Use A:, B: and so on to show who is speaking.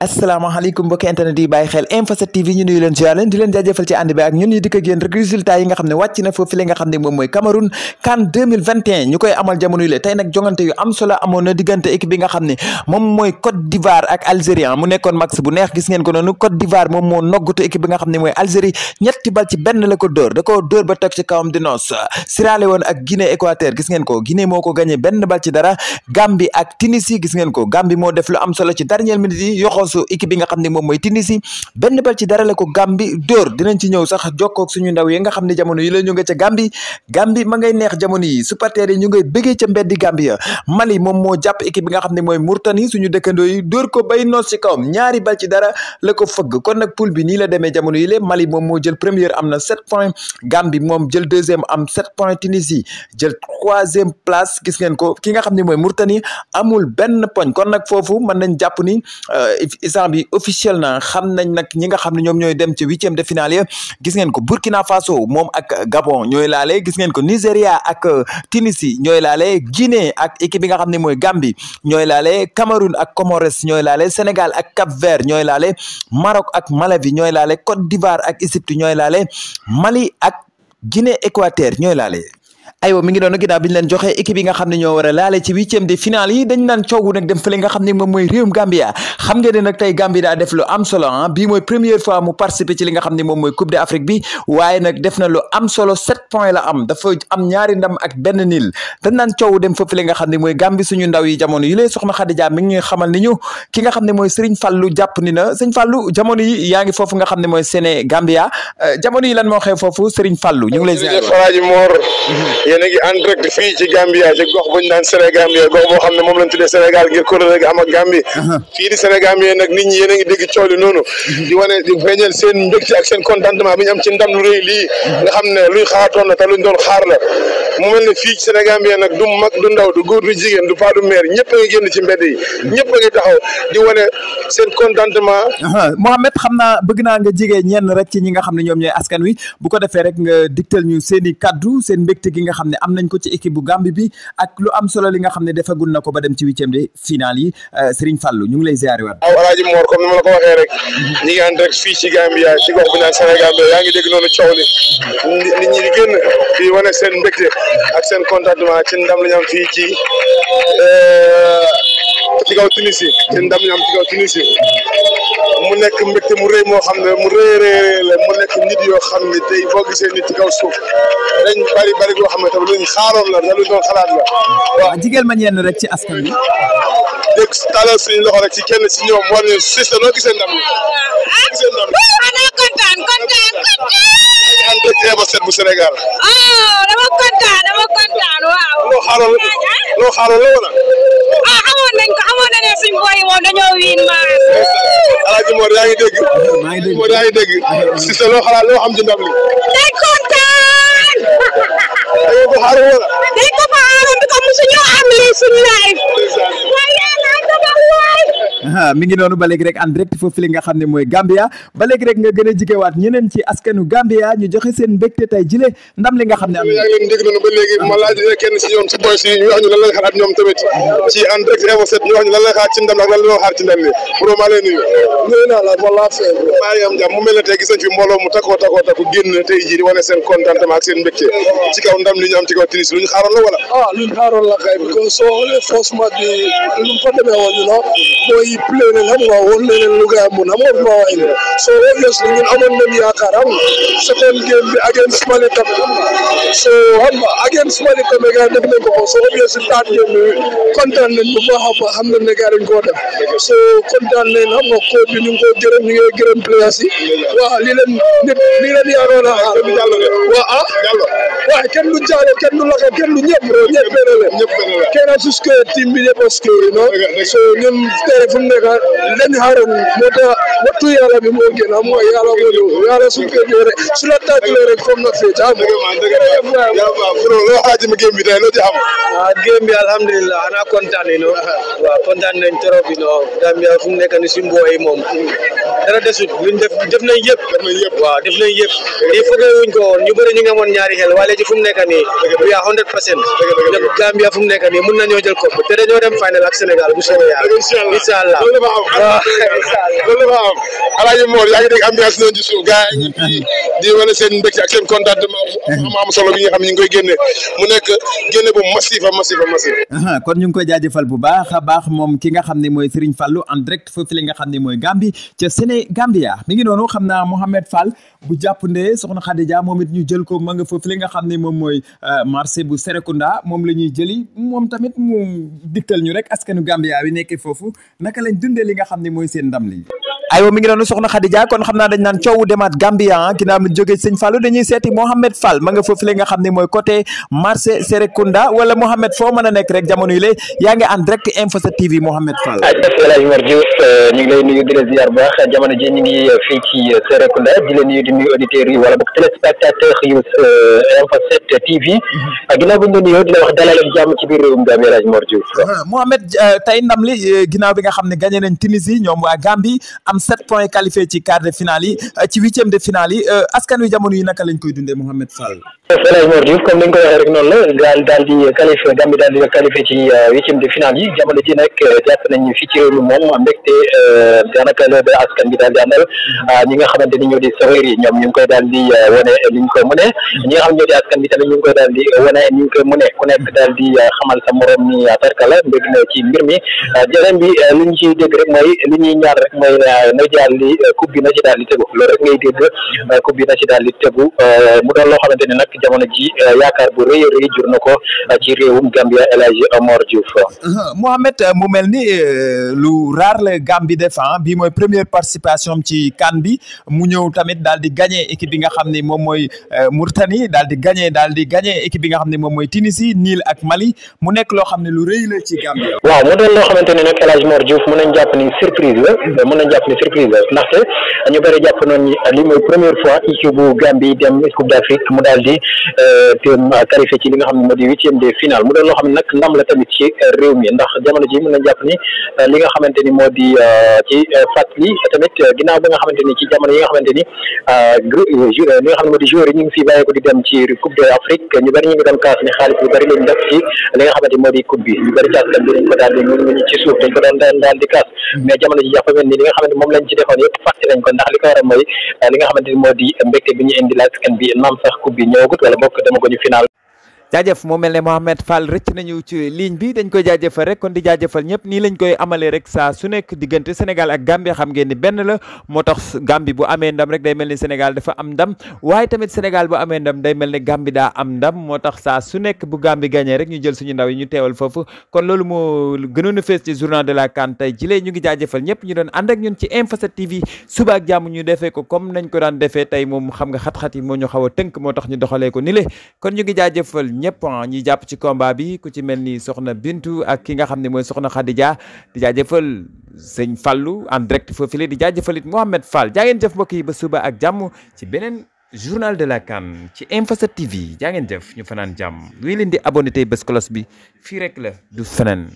A: asalaamaaleykum mbokki internet yi bàyyi xel Info 7 TV ñu nuyu leen ziar leen di leen jaajëfal ci ànd bi ak ñun ñu dikk ak rek résultat yi nga xam ne wàcc na foofu li nga xam ne moom mooy Cameroun CAN 2021 ñu koy amal jamono yi tey nag jongante yu am solo amoon na diggante équipe nga xam ne moom mooy Côte d'Ivoire ak Algérie ah mu nekkoon max bu neex gis ngeen ko noonu Côte d'Ivoire moom moo noggutu équipe nga xam ne mooy def lu am solo ci poche équipe bi nga xam ne moom mooy Tunisie benn bal ci dara la ko Gambie dóor dinañ ci ñëw sax jokkoog suñu ndaw yi nga xam ne jamono yi la ca Gambie Gambie neex jamono yi yi ñu ngay ca mbeddi Gambie ya Mali moom moo jàpp équipe bi nga xam ne mooy Mauritanie suñu dëkkandoo yi dóor ko bay noos ci kawam ñaari bal ci dara la ko fëgg kon nag poule bi nii la demee jamono yi la Mali moom moo jël première am na sept points Gambie moom jël deuxième am sept points Tunisie jël troisième place gis ngeen ko ki nga xam ne mooy Mauritanie amul benn poñ kon nag foofu mën nañ jàpp ni euh, ISRA bi officiel na xam nañ nag ñi nga xam ne ñoom ñooy dem ci huitième de finale ya gis ngeen ko Burkina Faso moom ak Gabon ñooy laale gis ngeen ko Nigéria ak euh, Tunisie ñooy laale Guinée ak équipe bi nga xam ne mooy Gambie ñooy laale Cameroun ak Comores ñooy laale Sénégal ak Cap Vert ñooy laale Maroc ak Malawi ñooy laale Côte d'Ivoire ak Égypte ñooy laale Mali ak Guinée Équateur ñooy laale aywa mi ngi doon ginnaaw bi ñu joxe équipe nga xam ne ñoo war a laale ci huitième de finale yi dañ naan coogu nag dem fële nga xam ne moom mooy réewum xam ne nag tey Gambie daa am solo ah bii ak benn nil naan coow dem fa fële nga xam ne mooy Gambie suñu ndaw yi jamono yi lay soxna Khady Dia mi ngi xamal ni ne mooy Serigne Fallou jàpp ni na Serigne Fallou jamono yi yaa nga xam ne mooy Séné Gambia euh, jamono yi lan moo xew foofu Serigne Fallou ñu ngi lay
B: yéen a ngi en direct fii ci Gambia ci gox bu ñu naan Sénégambie gox boo Sénégal ngir kuréel gi am ak uh-huh. fii di Sénégambie nag nit ñi yéen dégg coow li noonu uh-huh. di wane di feeñal seen mbégte ak seen contentement bi ñu am ci ndam lu rëy lii uh-huh. nga xam ne luy xaatoon la nag du ndaw du góor du jigéen du paa meer ñëpp a ngi génn ci mbedd
A: yi a ngi taxaw di wane seen contentement Mohamed xam naa bëgg naa nga jigee ñenn rek ci ñi nga xam ne ñoom ñooy askan wi bu ko defee rek nga digtal ñu seen i kaddu seen mbégte gi nga xam am nañ ko ci équipe bu Gambie bi ak lu am solo li nga xam ne defagul na ko ba dem ci huitième de finale yi euh, Serigne Fallou ñu ngi lay ziare waat.
B: waaw El Hadj Mor comme ni ma la ko waxee rek ñi ngi rek fii ci Gambia ci gox bi naan Sénégal yaa ngi dégg noonu coow li nit ñi di génn wane seen mbégte ak seen contentement ci ndam la ñu fii ci. Euh, ci kaw Tunisie seen ndam ñu am ci kaw Tunisie mu nekk mbégte mu rëy moo xam ne mu rëy rëy la mu nekk nit yoo xam ne tey boo gisee nit ci kaw suuf dañ bari bari loo xam ne tamit luñ xaaroon la da luñ doon xalaat la. waaw
A: jigéen ma ñenn rek ci askan wi.
B: dégg taalal suñu loxo rek ci kenn si ñoom war nañu si sa noo gisee ndam la. noo gisee ndam la. xanaa kontaan kontaan kontaan. ak ak set bu Sénégal. oh dama kontaan dama kontaan waaw. loo xaaroon loo xaaroon la woon alaaji Mor yaa ngi dégg. maa ngi dégg Mor yaa ngi dégg. Cissé loo xalaat loo xam ci ndam li. day kontaan. da ngeen ko xaaru wala. dañ ko fa ko mosu ñoo am lii suñu live.
A: mi ngi noonu ba léegi rek en direct foofu li nga xam ne mooy Gambia ba léegi rek nga gën a jigewaat ñeneen ci askanu Gambia ñu joxe seen mbégte tay jile ndam li nga xam ne am yaa mu
B: mel ne fi mbooloo mu takkoo takkoo takku génn tey jii di wane seen contentement ak seen mbégte ci kaw ndam li ñu ci kaw Tunis lu xaaroon la wala ah, kii play na xam na leen lu gars mun xam nga fi ma waay la so obviously ñun amoon nañu yaakaar xam nga second game bi against Mali tamit xam nga so xam nga against Mali tamit gars def nañ ko ko so obviously third game bi kontaan nañ a baax xam nañ ne gars dañ koo def so kontaan nañ xam nga coach bi ñu ngi koy gërëm ñu ngi gërëm players yi waaw lii leen nit lii leen a xaar waa ah kenn du jaalo kenn du laka kenn du ñëpp ñëpp benn la kenn asus que team bi ñëpp parce so ñun tere nekk leen di xaaral moo tax wattu yàlla bi moo gën a mooy yàlla welu yàlla su fekkee rek su la tàggalee rek foog na fee ca am. loo xaajim game bi tey loo ci xam. waaw ah, game bi alhamdulilah ana kontaan nañu waaw kontaan nañ trop bi non Gambia fu mu nekk ni si mbooy moom dara desut luñ def def nañ yëpp. def nañ yëpp waaw def nañ yëpp. lii foogee wuñ ko woon ñu bëri ñu ngi amoon ñaari xel waaye léegi fu mu nekk nii. dëgg la 100% dëgg la Gambia fu mu nekk nii mun nañoo jël kopp te dañoo dem final ak Sénégal bu soobee yàlla incha allah allah loolu dafa am ah, loolu dafa am alaaji Mor yaa ngi dégg ambiance noonu ci suuf seen mbégte ak seen contentement am solo bi nga xam ne ñu ngi koy génne mu nekk génne bu massif a massif
A: a kon ñu ngi koy jaajëfal bu baax a baax moom ki nga xam ne mooy Serigne Fallou en direct foofu li nga xam ne mooy Gambie ca Séné Gambia mi ngi noonu xam naa Mouhamed Fall bu jàppandee soxna Khadija moom it ñu jël ko manga foofu li nga xam ne moom mooy euh, marché bu Serekunda moom la ñuy jëli moom tamit mu diktal ñu rek askanu Gambia wi nekkee foofu naka lañ dundee li nga xam ne mooy seen ndam li aywa mi ngi doon soxna Khadija kon nga xam ne mooy côté a ndam li euh, ginnaaw bi nga xam xam ne gagné nañ Tunisie ñoom waa Gambie am sept points qualifié quart de finale yi euh, ci huitième de finale yi euh, askan wi jamono yi naka lañ koy dundee Mouhamed Fall.
C: Elhadji Mor Diouf comme ni rek noonu la daal daal ci euh, huitième de finale yi jamono ji nag jàpp nañ fii ci réew mi moom mbégte daanaka loolu askan bi daal di àndal mm-hmm. ah, nga xamante ni ñoo yi ñoom ñu ngi koy daal di wane ni ñu mm-hmm. nga xam ñoo askan bi tamit ñu ngi koy daal di wane ni ñu ko ñu ciy dégg rek mooy li ñuy ñaar rek mooy euh, na jaar li euh, coupe bi na ci daal di tegu euh, mu doon loo xamante ne nag jamono ji yaakaar bu rëy a jur na ko ci réewum Gambia El Hadji Omar Diouf.
A: Uh-huh. Mohamed mu mel ni lu raar la Gambie def ah, bi mooy première participation ci CAN bi mu ñëw tamit daal di gagné équipe bi nga xam ne moom mooy Mauritanie daal di gagné daal di gagné équipe bi nga xam ne moom mooy Tunisie niil ak Mali mu nekk loo xam ne lu rëy la ci Gambie. waaw mu doon loo xamante ne
C: nag El def mën nañ jàpp ni surprise la mën nañ jàpp ni surprise la ndaxte ñu bëri jàpp noonu ni li première fois équipe bu Gambie dem Coupe mu daal di euh, qualifié nga xam ne moo di huitième de finale mu xam ne nag ndam la tamit ci réew mi ndax ni euh, li nga xamante ni moo di euh, ci fàttali tamit ginnaaw bi nga ni ci jamono yi xam ne ñu ngi ñu bëri ñu ngi kaas ni xaalis bu bëri lañ def ci li nga xamante moo di coupe bi ñu bëri caaskat bi dañ ko daal di ñu ci suuf handicap mais jamono ji dafa mel ni li nga xamante moom lañ ci defoon yëpp fàtte nañ ko ndax li ko war a li nga xamante ni moo di mbégte bi ñu indi la bi naam sax coupe bi wala bokk dama ko final
A: jaajëf mu mel ne Mouhamed Fall rëcc nañu ci ligne bi dañ koy jaajëfal rek kon di jaajëfal ñëpp nii lañ koy amalee rek saa su diggante Sénégal ak Gambie xam ngeen ni benn la moo tax Gambie bu amee ndam rek day mel ni Sénégal dafa am ndam waaye tamit Sénégal bu amee ndam day mel ni Gambie daa am ndam moo tax saa su nekk bu Gambie gagné rek ñu jël suñu ndaw yi ñu teewal foofu kon loolu moo gënoon a fees ci journal de la CAN tey ji lee ñu ngi jaajëfal ñëpp ñu doon ànd ak ñun ci Info 7 TV suba ak jàmm ñu ko comme nañ ko daan defee tey moom xam nga xat-xat yi moo ñu xaw a tënk moo tax ñu doxalee ko ni le kon ñu ngi jaajëfal ñëpp ah, ñi jàpp ci komba bi ku ci mel ni soxna Bintu ak ki nga xam ne mooy soxna Khadija di jaajëfal sëñ fallu en direct foofule di jaajëfal it Mouhamed Fall jaa ngeen jëf mbokk yi ba suba ak jàmm ci beneen journal de la CAN ci Info 7 TV jaa ngeen jëf ñu fanaan jàmm luy leen di abonné tey bés cloche bi fii rek la du feneen.